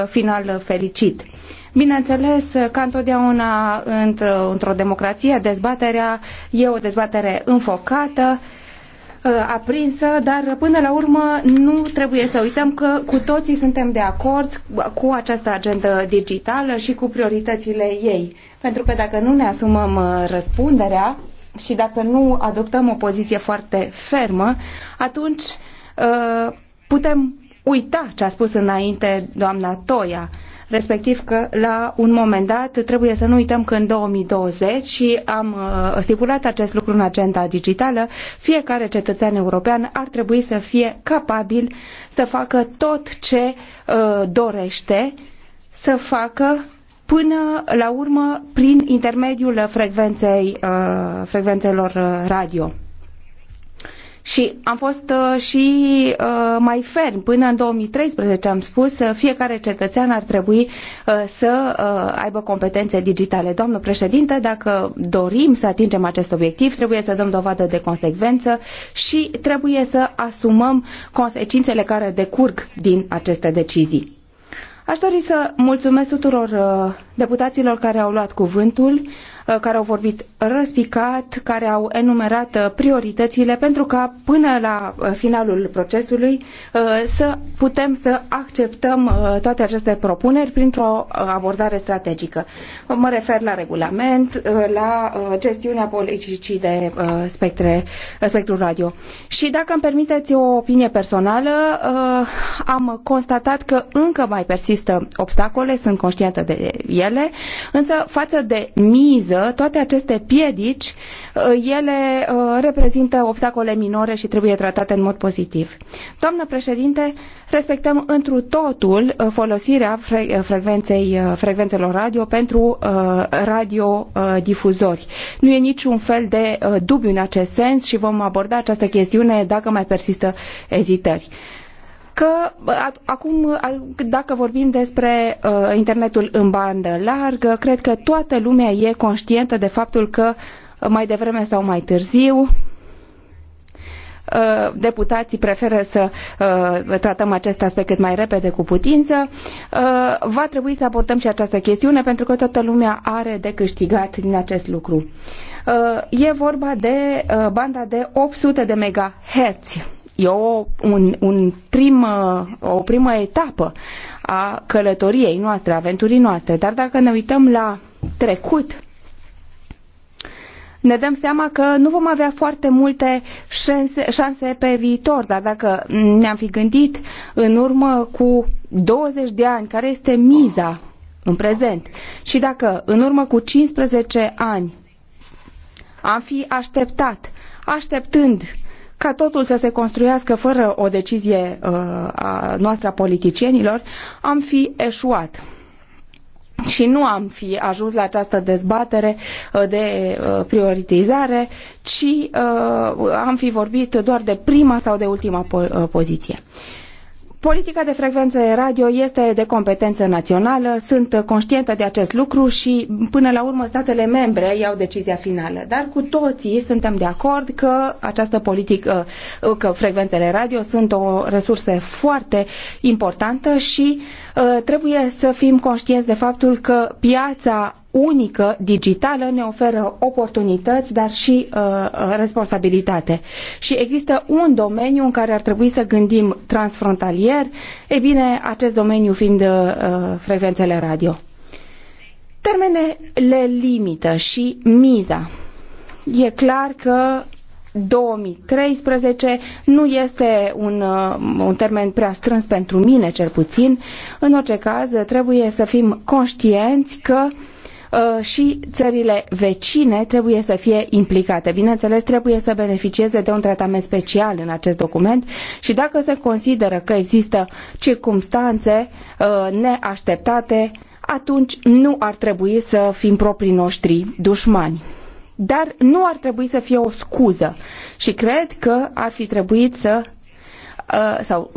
final fericit. Bineînțeles, că întotdeauna într-o democrație, dezbaterea e o dezbatere înfocată, uh, aprinsă, dar până la urmă nu trebuie să uităm că cu toții suntem de acord cu această agendă digitală și cu prioritățile ei. Pentru că dacă nu ne asumăm uh, răspunderea, și dacă nu adoptăm o poziție foarte fermă, atunci uh, putem uita ce a spus înainte doamna Toia, respectiv că la un moment dat trebuie să nu uităm că în 2020 și am uh, stipulat acest lucru în agenda digitală, fiecare cetățean european ar trebui să fie capabil să facă tot ce uh, dorește să facă până la urmă prin intermediul frecvenței, uh, frecvențelor uh, radio. Și am fost uh, și mai ferm. Până în 2013 am spus fiecare cetățean ar trebui să aibă competențe digitale. Doamnă președinte, dacă dorim să atingem acest obiectiv, trebuie să dăm dovadă de consecvență și trebuie să asumăm consecințele care decurg din aceste decizii. Aș dori să mulțumesc tuturor uh, deputaților care au luat cuvântul, uh, care au vorbit răspicat, care au enumerat uh, prioritățile pentru ca până la finalul procesului să putem să acceptăm toate aceste propuneri printr-o abordare strategică. Mă refer la regulament, la gestiunea politicii de spectre, spectru radio. Și dacă îmi permiteți o opinie personală, am constatat că încă mai persistă există obstacole, sunt conștientă de ele, însă față de miză, toate aceste piedici, uh, ele uh, reprezintă obstacole minore și trebuie tratate în mod pozitiv. Doamnă președinte, respectăm întru totul uh, folosirea fre- frecvenței, frecvențelor radio pentru radiodifuzori. Nu e niciun fel de dubiu în acest sens și vom aborda această chestiune dacă mai persistă ezitări că acum, dacă vorbim despre uh, internetul în bandă largă, cred că toată lumea e conștientă de faptul că uh, mai devreme sau mai târziu uh, deputații preferă să uh, tratăm acest aspect cât mai repede cu putință. Uh, va trebui să abordăm și această chestiune pentru că toată lumea are de câștigat din acest lucru. E vorba de banda de 800 de megahertz E o, un, un primă, o primă etapă a călătoriei noastre, a aventurii noastre. Dar dacă ne uităm la trecut, ne dăm seama că nu vom avea foarte multe șanse, șanse pe viitor, dar dacă ne-am fi gândit în urmă cu 20 de ani care este miza în prezent și dacă în urmă cu 15 ani am fi așteptat, așteptând ca totul să se construiască fără o decizie uh, a noastră a politicienilor, am fi eșuat și nu am fi ajuns la această dezbatere uh, de uh, prioritizare, ci am fi vorbit doar de prima sau de ultima poziție. Politica de frecvențe radio este de competență națională, sunt conștientă de acest lucru și până la urmă statele membre iau decizia finală. Dar cu toții suntem de acord că această politică, că frecvențele radio sunt o resursă foarte importantă și uh, trebuie să fim conștienți de faptul că piața unică digitală ne oferă oportunități, dar și uh, uh, responsabilitate. Și există un domeniu în care ar trebui să gândim transfrontalier, e bine, acest domeniu fiind uh, uh frecvențele radio. Termenele limită și miza. E clar că 2013 nu este un, uh, un termen prea strâns pentru mine, cel puțin. În orice caz, trebuie să fim conștienți că uh, Uh, și țările vecine trebuie să fie implicate. Bineînțeles, trebuie să beneficieze de un tratament special în acest document și dacă se consideră că există circumstanțe uh, neașteptate, atunci nu ar trebui să fim proprii noștri dușmani dar nu ar trebui să fie o scuză. Și cred că ar fi trebuit să uh, sau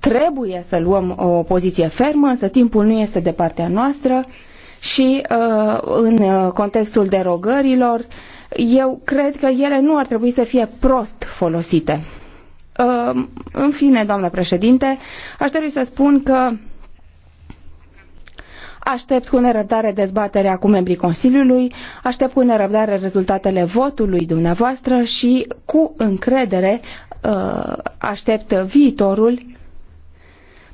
trebuie să luăm o poziție fermă, însă timpul nu este de partea noastră și uh, în uh, contextul derogărilor, eu cred că ele nu ar trebui să fie prost folosite. Uh, în fine, doamnă președinte, aș trebui să spun că Aștept cu nerăbdare dezbaterea cu membrii Consiliului, aștept cu nerăbdare rezultatele votului dumneavoastră și cu încredere aștept viitorul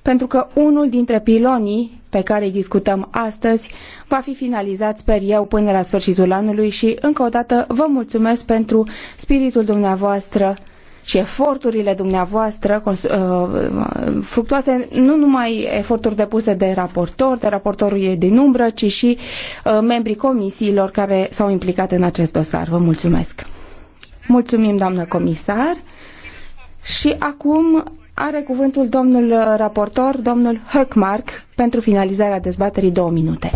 pentru că unul dintre pilonii pe care îi discutăm astăzi va fi finalizat, sper eu, până la sfârșitul anului și, încă o dată, vă mulțumesc pentru spiritul dumneavoastră și eforturile dumneavoastră uh, fructuoase, nu numai eforturi depuse de raportor, de raportorul din umbră, ci și uh, membrii comisiilor care s-au implicat în acest dosar. Vă mulțumesc! Mulțumim, doamnă comisar! Și acum are cuvântul domnul uh, raportor, domnul Höckmark, pentru finalizarea dezbaterii două minute.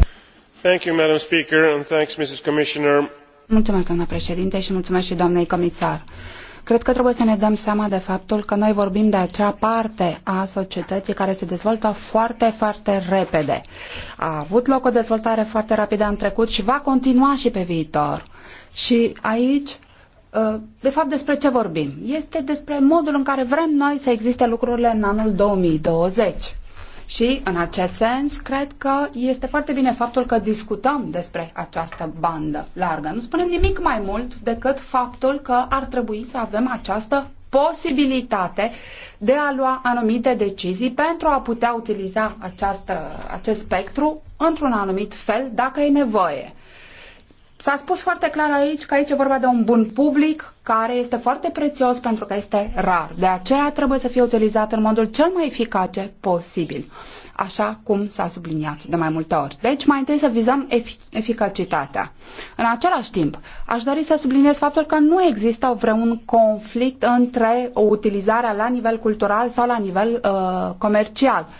Thank you, Madam Speaker, and thanks, Mrs. Commissioner. Mulțumesc, doamnă președinte, și mulțumesc și doamnei comisar. Cred că trebuie să ne dăm seama de faptul că noi vorbim de acea parte a societății care se dezvoltă foarte, foarte repede. A avut loc o dezvoltare foarte rapidă în trecut și va continua și pe viitor. Și aici Uh, de fapt, despre ce vorbim? Este despre modul în care vrem noi să existe lucrurile în anul 2020. Și, în acest sens, cred că este foarte bine faptul că discutăm despre această bandă largă. Nu spunem nimic mai mult decât faptul că ar trebui să avem această posibilitate de a lua anumite decizii pentru a putea utiliza această, acest spectru într-un anumit fel dacă e nevoie. S-a spus foarte clar aici că aici e vorba de un bun public care este foarte prețios pentru că este rar. De aceea trebuie să fie utilizat în modul cel mai eficace posibil, așa cum s-a subliniat de mai multe ori. Deci mai întâi să vizăm efic- eficacitatea. În același timp, aș dori să subliniez faptul că nu există vreun conflict între o utilizarea la nivel cultural sau la nivel uh, comercial. Uh,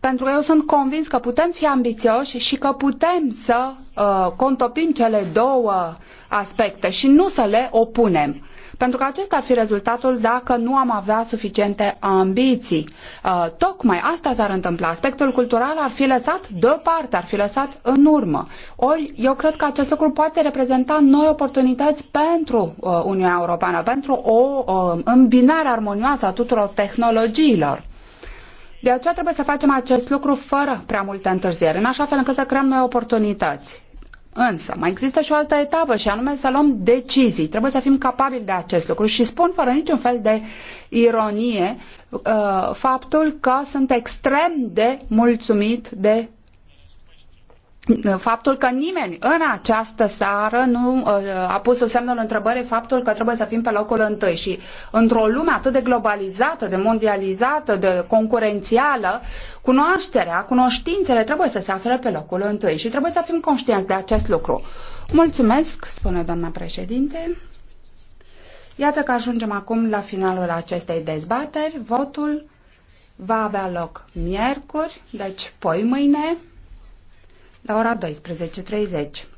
pentru că eu sunt convins că putem fi ambițioși și că putem să uh, contopim cele două aspecte și nu să le opunem. Pentru că acesta ar fi rezultatul dacă nu am avea suficiente ambiții. Uh, tocmai asta s-ar întâmpla. Aspectul cultural ar fi lăsat deoparte, ar fi lăsat în urmă. Ori eu cred că acest lucru poate reprezenta noi oportunități pentru uh, Uniunea Europeană, pentru o uh, îmbinare armonioasă a tuturor tehnologiilor. De aceea trebuie să facem acest lucru fără prea multă întârziere, în așa fel încât să creăm noi oportunități. Însă, mai există și o altă etapă și anume să luăm decizii. Trebuie să fim capabili de acest lucru și spun fără niciun fel de ironie uh, faptul că sunt extrem de mulțumit de faptul că nimeni în această seară nu uh, a pus sub semnul întrebării faptul că trebuie să fim pe locul întâi și într-o lume atât de globalizată, de mondializată, de concurențială, cunoașterea, cunoștințele trebuie să se afle pe locul întâi și trebuie să fim conștienți de acest lucru. Mulțumesc, spune doamna președinte. Iată că ajungem acum la finalul acestei dezbateri. Votul va avea loc miercuri, deci poi mâine la ora 12.30.